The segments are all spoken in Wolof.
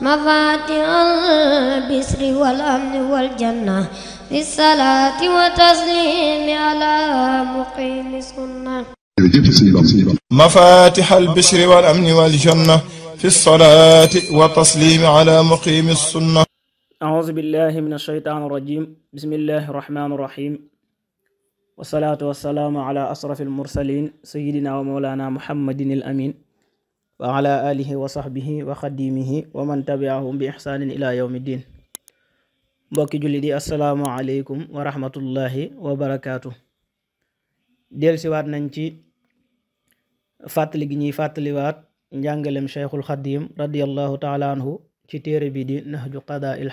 مفاتح البسر والأمن والجنة بالصلاة وتسليم على مقيم سنة مفاتح البشر والأمن والجنة في الصلاة وتسليم على مقيم السنة أعوذ بالله من الشيطان الرجيم بسم الله الرحمن الرحيم والصلاة والسلام على أشرف المرسلين سيدنا ومولانا محمد الأمين wa ala alihi wa sahbihi wa xadimihi wa man tabiahum bi ixsaanin ila yawmi din mbokki julli di assalaamu aleykum wa rahmatullahi wa barakaatu delsiwaat nañ ci fàttali gi ñuy fàttaliwaat njàngalem cheikhul xadim radiallahu taala anhu ci téere bi di nahju qadaa il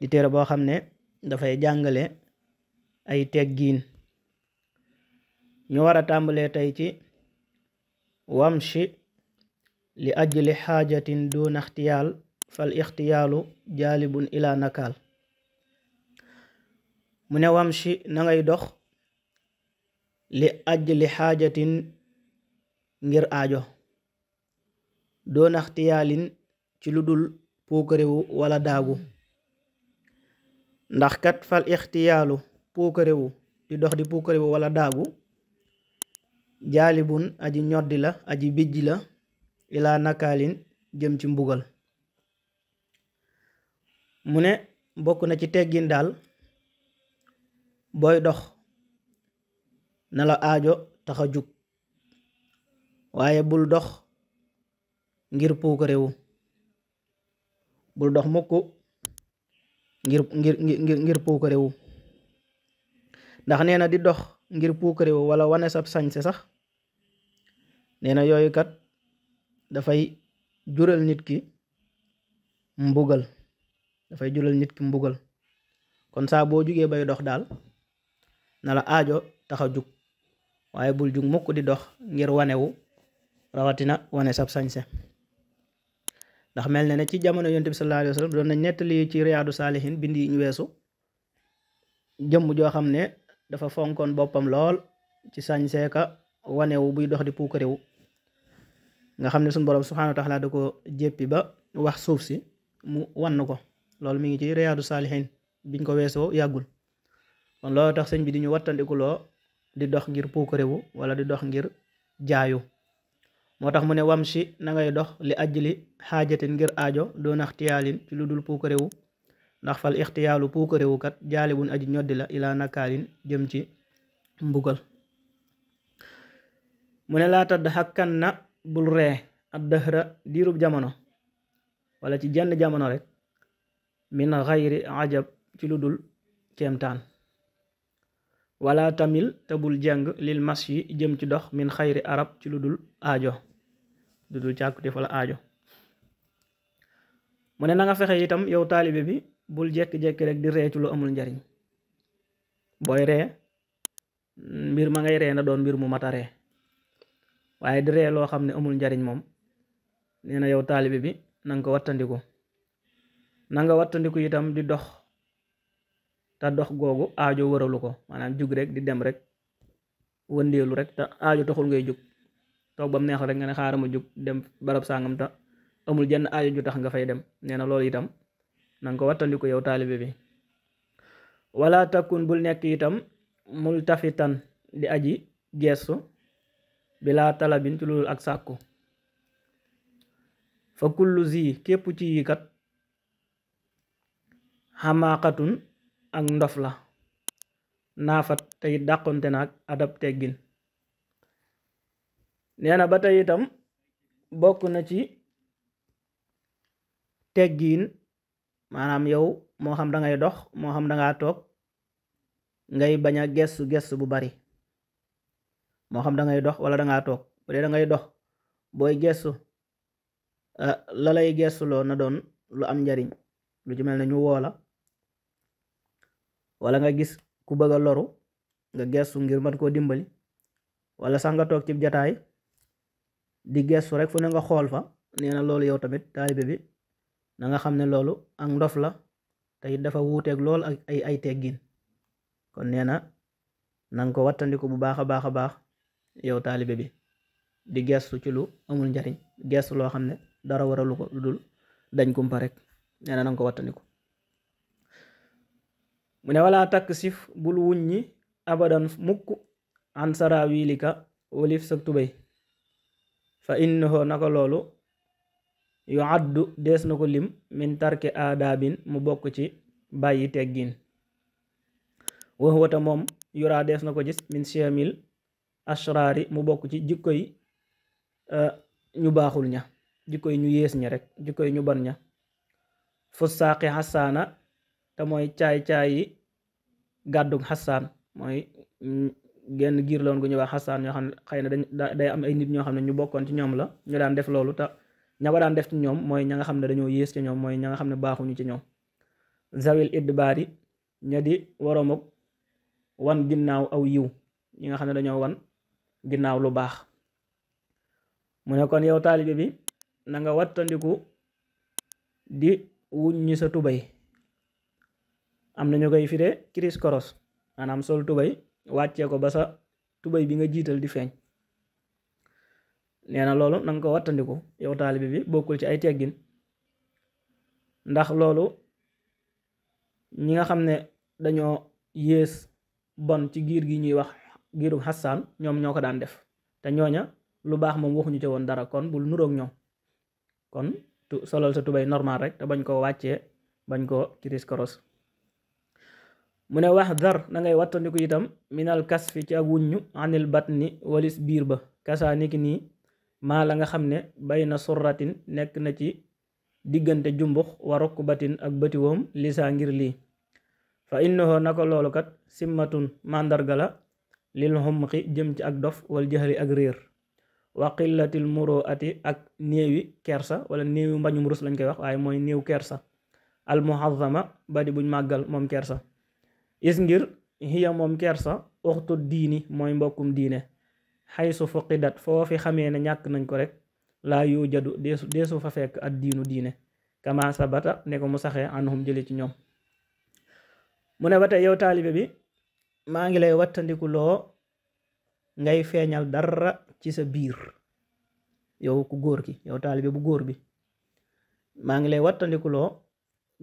di téere boo xam ne dafay jàngale ay teggiin ñu war a tàmbalee ci wamshi li ajli xaajatin duna ixtiyaal fal ixtiyaalu jaalibun ila nakaal mu ne wamshi na ngay dox li ajli xaajatin ngir aajo doon axtiyaalin ci lu dul puukarewu wala daagu ndax kat fal ixtiyaalu puukarewu di dox di puukarewu wala daagu jaalibun aji ñoddi la aji bijji la ilaa nakaalin jëm ci mbugal mu ne bokk na ci teggin daal booy dox na la aajo taxa jug waaye bul dox ngir puukarewu bul dox mukk ngir ngir ngir ngir puukarewu ndax nee na di dox ngir puukare wu wala wane sab sañse sax nee na yooyu kat dafay jural nit ki mbugal dafay jural nit ki mbugal kon saa boo jugee bay dox daal na la aajo taxa a jug waaye bul jug mukk di dox ngir wanewu rawatina wane sab sañse ndax mel na ne ci jamono yonent bi sallallahu alayhi wa sallam doon nañ nettali ci bind yi ñu weesu jëmm joo xam ne dafa fonkoon boppam lool ci sañseeka wanewu buy dox di puukarewu nga xam ne suñu borom subhaanahu wa taala da ko jéppi ba wax suuf si mu wann ko loolu mu ngi ci riyaadu saalihin biñ ko weesoo yàggul kon loolu tax sëñ bi di ñu loo di dox ngir puukarewu wala di dox ngir jaayu moo tax mu ne wamshi na ngay dox li ajli xaajatin ngir aajo doon axtiyaalin ci lu dul puukarewu ndax fal ixtiyaalu puukarewu kat jaali buñ aji ñoddi la ilaa nakaalin jëm ci mbugal mu ne laa tadd xakkan na bul ree ad dëxra diirub jamono wala ci jenn jamono rek min xayri ajab ci lu dul kéemtaan wala tamit te bul jeng lil mas yi jëm ci dox min xayri arab ci lu dul aajo lu dul càkkute fa aajo mu ne na nga fexe itam yow taalibe bi bul jékki-jékki rek di ree amul njariñ booy ree mbir ma ngay ree na doon mbir mu mat waaye di ree loo xam ne amul njariñ moom nee na yow taalibe bi nanga ko wattandiku nanga wattandiku itam di dox te dox googu aajo wëralu ko maanaam jug rek di dem rek wëndeelu rek te aajo taxul ngay jug toog bam mu neex rek nga ne xaaral ma jug dem barab sàngam te amul jenn aajo ju tax nga fay dem nee na loolu itam na ko wattandiku yow taalibe bi wala takkun bul nekk itam tafitan di aji gestu bila talabin ci loolu ak sàkku fa kullu zi képp ci yi kat xamaaxatun ak ndof la naafa tey dàqonte na ak adab teggin nee ba tey itam bokk na ci teggiin maanaam yow moo xam da ngay dox moo xam da ngaa toog ngay bañ a gestu gestu bu bari moo xam dangay dox wala da toog bu dee da ngay dox booy gestu eh, la lay loo na doon lu am njariñ lu ci mel ne ñu woola walla nga gis ku bëgg a loru nga gestu ngir mën koo dimbali wala sax nga toog ci jataay di gestu rek fu ne nga xool fa nee na loolu yow tamit taalibe bi nanga xam ne loolu ak ndof la te it dafa wuuteeg lool ak ay ay teggin kon nee na nanga ko wattandiku bu baax a baax a baax yow taalibe bi di gestu ci lu amul njariñ gestu loo xam ne dara waralu ko dul dañ kumpa rek nee nanga ko wattandiku mu ne wala takk sif bul wuññi abadan mukk an sarawilika walif sa tubéy fa na ko loolu yu àddu dees na ko lim min tarki aadaabin mu bokk ci bàyyi teggiin wax wata moom yuraa dees na ko gis min siamil ashraari mu bokk ci jikko yi eh, ñu baaxul ña jikko yi ñu yées ña rek jikko yi ñu bon ña fussaaqi xasaana te mooy caay-caayi gàddug xasaan mooy mm, genn giir loon gu ñu wax xasaan ñoo xam ne xëy na dañ day am ay nit ñoo xam ne ñu bokkoon ci ñoom la ñu daan def loolu ta ña ko daan def ci ñoom mooy ña nga xam ne dañoo yées ci ñoom mooy ña nga xam ne baaxuñu ci ñoom zawil baari ña di waroom wan ginnaaw aw yiw ñi nga xam ne dañoo wan ginnaaw lu baax mu ne kon yow taalibe bi na nga wattandiku di wuññi sa tubéy am na ñu koy firee kiris koros maanaam sol tubéy wàccee ko ba sa tubay bi nga jiital di feeñ nee na loolu na ko wattandiku yow taalibe bi bokkul ci ay teggin ndax loolu ñi nga xam ne dañoo yées bon ci giir gi ñuy wax giiru xastaan ñoom ñoo ko daan def te ñooña lu baax moom waxuñu ci woon dara kon bul nuroog ñoom kon solal sa tubéy normal rek te bañ koo wàccee bañ koo kiris koros mu ne wax dar na ngay itam minal kas fi ci ak wuññu anil batni walis biir ba kasaa niki nii maa la nga xam ne bay na surratin nekk na ci diggante jumbux wa rukbatin ak bëti woom lisaa ngir lii fa innahu naka loolu kat simmatun màndarga la lil xumqi jëm ci ak dof wal jahli ak réer wa qillatil muruati ak néewi kersa wala néewi mbañum rus lañ koy wax waaye mooy néew kersa al muhazzama badi màggal moom kersa is ngir hiya moom kersa uxtu diini mooy mbokkum diine xaysu fuqidat foofi xamee ne ñàkk nañ ko rek laa yu jadu deesu fa fekk ad diinu diine kama sabata ne ko mu saxee anhum jëli ci ñoom mu ne ba tey yow taalibe bi maa ngi lay wattandiku loo ngay feeñal dara ci sa biir yow góor ki yow bu góor bi maa ngi lay wattandiku loo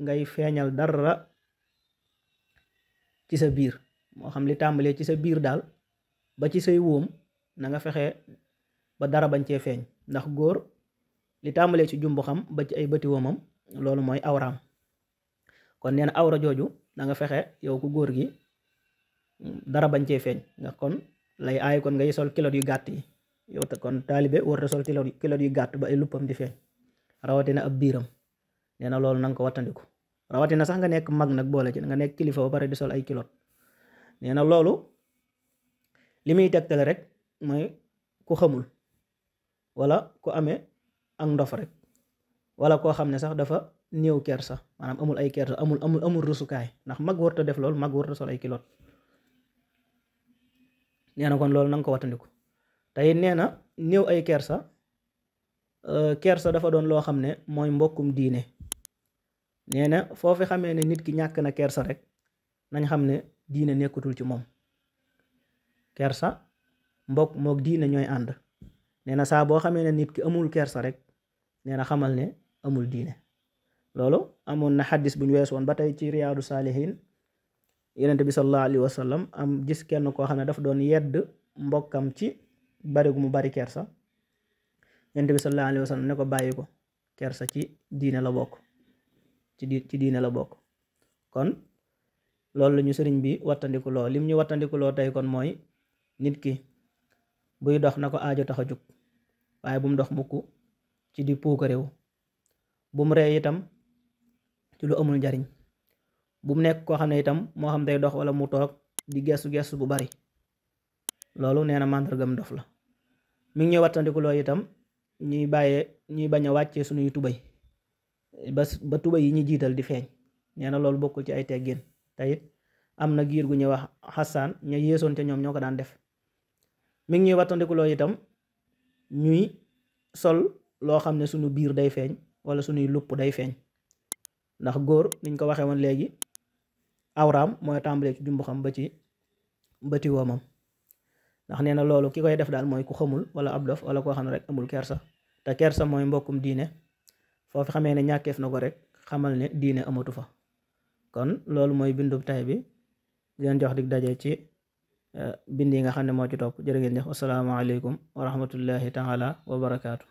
ngay feeñal dara ci sa biir moo xam li tàmbalee ci sa biir daal ba ci say wóom na nga fexe ba dara bañ cee feeñ ndax góor li tàmbalee ci jumbu xam ba ci ay bëti womam loolu mooy awraam kon nee na awra jooju na nga fexe yow ku góor gi dara bañ cee feeñ nga kon lay aay kon ngay sol kilot yu gàtt yi yow te kon taalibe war a sol kilot kilot yu gàtt ba ay luppam di feeñ rawatina ab biiram nee na loolu nanga ko wattandiku rawatina sax nga nekk mag nag boole ci nga nekk kilifa ba pare di sol ay kilot nee na loolu li muy tegtale rek mooy ku xamul wala ku amee ak ndof rek wala koo xam ne sax dafa néew kersa maanaam amul ay kersa amul amul amul rusukaay ndax mag warta def loolu mag warta sol ay kilot nee na kon loolu nanga ko wattandiku tey nee na néew ay kersa euh, kersa dafa doon loo xam ne mooy mbokkum diine nee na foo xamee ne nit ki ñàkk na kersa rek nañ xam ne diine nekkatul ci moom kersa mbokk mook diine ñooy ànd nee na saa boo xamee ne nit ki amul kersa rek nee na xamal ne amul diine loolu amoon na xaddis bu ñu weesoon ba tey ci riyaadu saalihin yonent bi sallallahu alayhi wa am gis kenn koo xam ne daf doon yedd mbokkam ci bari mu bari kersa yonent bi sallallahu alayhi wa ko bàyyi ko kersa ci diine la bokk ci ci diine la bokk kon loolu lañu sëriñ bi wattandikuloo lim ñu wattandikuloo loo tey kon mooy nit ki buy dox na ko aajo tax a jóg waaye bu mu dox mukk ci di puukaréew bu mu ree itam ci lu amul njariñ bu mu nekk koo xam ne itam moo xam day dox wala mu toog di gestu gestu bu bari loolu nee na màndargam dof la mu ngi ñuy wattandiku loolu itam ñuy bàyyee ñuy bañ a wàccee suñuy tubay ba ba tubay yi ñu jiital di feeñ nee na loolu bokkul ci ay teggin te it am na giir gu ñuy wax xasaan ña yéesoon ca ñoom ñoo ko daan def mi ngi ñuy itam ñuy sol loo xam ne suñu biir day feeñ wala suñuy lupp day feeñ ndax góor niñ ko waxee woon léegi awraam mooy tàmbalee ci jumbu xam ba ci bëti woomam ndax nee na loolu ki koy def daal mooy ku xamul wala ab dof wala koo xam ne rek amul kersa te kersa mooy mbokkum diine foofu xamee ne ñàkkeef na ko rek xamal ne diine amatu fa kon loolu mooy bindu tay bi leen jox dig daje ci bind yi nga xam ne moo ci topp jërë ngeen jëf asalaamaaleykum wa rahmatullahi taala wa barakaatu